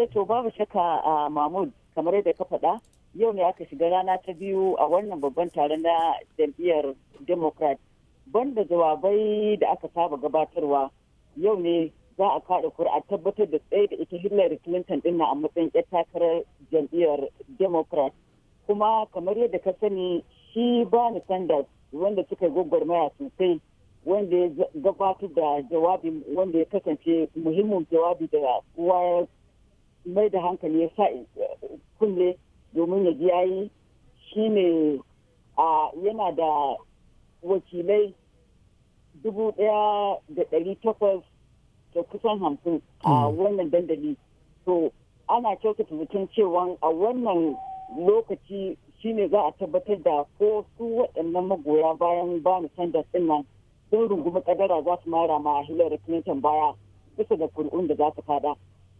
eh to babu shakka a mahmud kamar yadda ka faɗa yau ne aka shiga rana ta biyu a wannan babban tare na jam'iyyar democrat banda jawabai da aka saba gabatarwa yau ne za a kaɗa kuri'a tabbatar da tsaye da ita hillary clinton dinna a matsayin yar takarar jam'iyyar democrat kuma kamar yadda ka sani shi bani sanders wanda suka yi gwagwarmaya sosai wanda ya gabatar da jawabi wanda ya kasance muhimmin jawabi da kowa mai da hankali ya sa kunne domin ya ji yayi shi ne yana da wakilai dubu daya da dari takwas da kusan hamsin a hmm. wannan dandali to ana kyautata mutum cewa a wannan lokaci shi ne za a tabbatar da ko su waɗannan magoya bayan ba ni sanda nan sun rungumi kadara za su mara ma hillary clinton baya bisa da kuri'un da za su fada.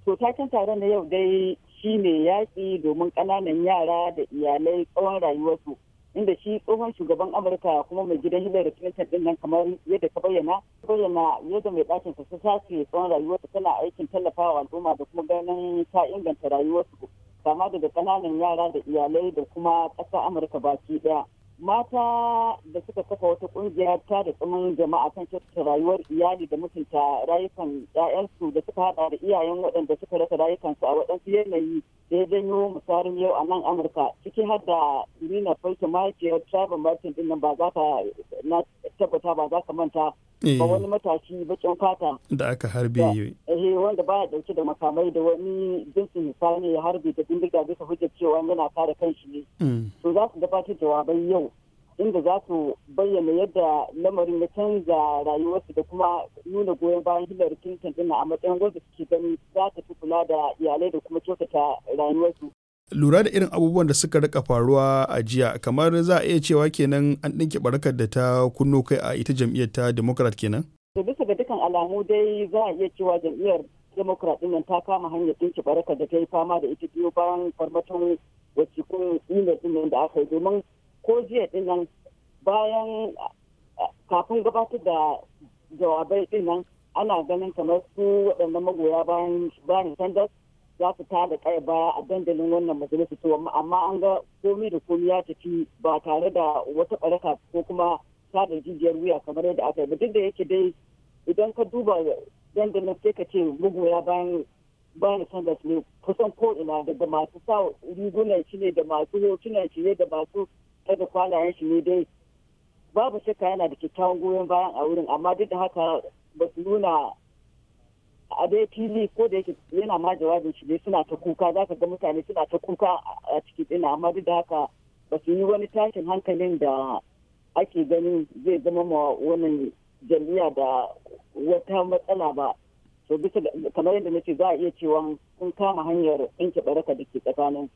To takin taron na yau dai shi shine yaƙi domin ƙananan yara da iyalai tsawon rayuwarsu inda shi tsohon shugaban amurka kuma mai gidan hillary clinton din nan kamar yadda ka bayyana bayyana yadda mai ɗakin ta sace tsawon rayuwarsa tana aikin tallafawa al'umma da kuma ganin ta inganta rayuwarsu kama daga ƙananan yara da iyalai da kuma ƙasa amurka baki ɗaya mata da suka kafa wata kungiya ta da tsumin jama'a kan kyautata rayuwar iyali da mutunta rayukan 'ya'yansu da suka hada da iyayen waɗanda suka rasa rayukansu a waɗansu yanayi da ya janyo musarin yau a nan amurka ciki har da nina farko mahaifiyar tribal martin din ba za ka na tabbata ba za ka manta Eh. ba wani matashi bakin fata da aka harbe eh wanda baya dauke da makamai da wani jinsin hisani ya harbe da bindiga bisa hujjar cewa yana kare kanshi ne mm. to za su gabatar jawabai yau inda za su bayyana yadda lamarin ya canza rayuwarsu da kuma nuna goyon bayan hilar clinton dina a matsayin wanda suke ganin za ta fi kula da iyalai da kuma kyautata rayuwarsu lura da irin abubuwan da suka rika faruwa a jiya kamar za a iya cewa kenan an ɗinke barakar da ta kunno kai a ita jam'iyyar ta democrat kenan to bisa ga dukkan alamu dai za a iya cewa jam'iyyar democrat nan ta kama hanyar ɗinke barakar da ta yi fama da ita biyu bayan farmaton wacce kun email din da aka yi domin ko jiya ɗin nan bayan kafin gabatar da jawabai ɗinan nan ana ganin kamar su waɗannan magoya bayan bayan sanders za su tada kai baya a dandalin wannan majalisa to amma an ga komai da komai ya tafi ba tare da wata baraka ko kuma tada jijiyar wuya kamar yadda aka yi duk da yake dai idan ka duba dandalin sai ka ce magoya bayan bayan sanders ne kusan ko ina da masu sa rigunan shi ne da masu hotunan shi ne da masu kada kwalayen shi ne dai babu shakka yana da kyakkyawan goyon bayan a wurin amma duk da haka ba su nuna a dai fili ko da yake yana ma jawabin shi dai suna ta kuka za ka ga mutane suna ta kuka a ciki ɗina amma duk da haka ba su yi wani tashin hankalin da ake ganin zai zama ma wannan jami'a da wata matsala ba to bisa kamar yadda ce za a iya cewa sun kama hanyar ɗinke baraka da ke tsakanin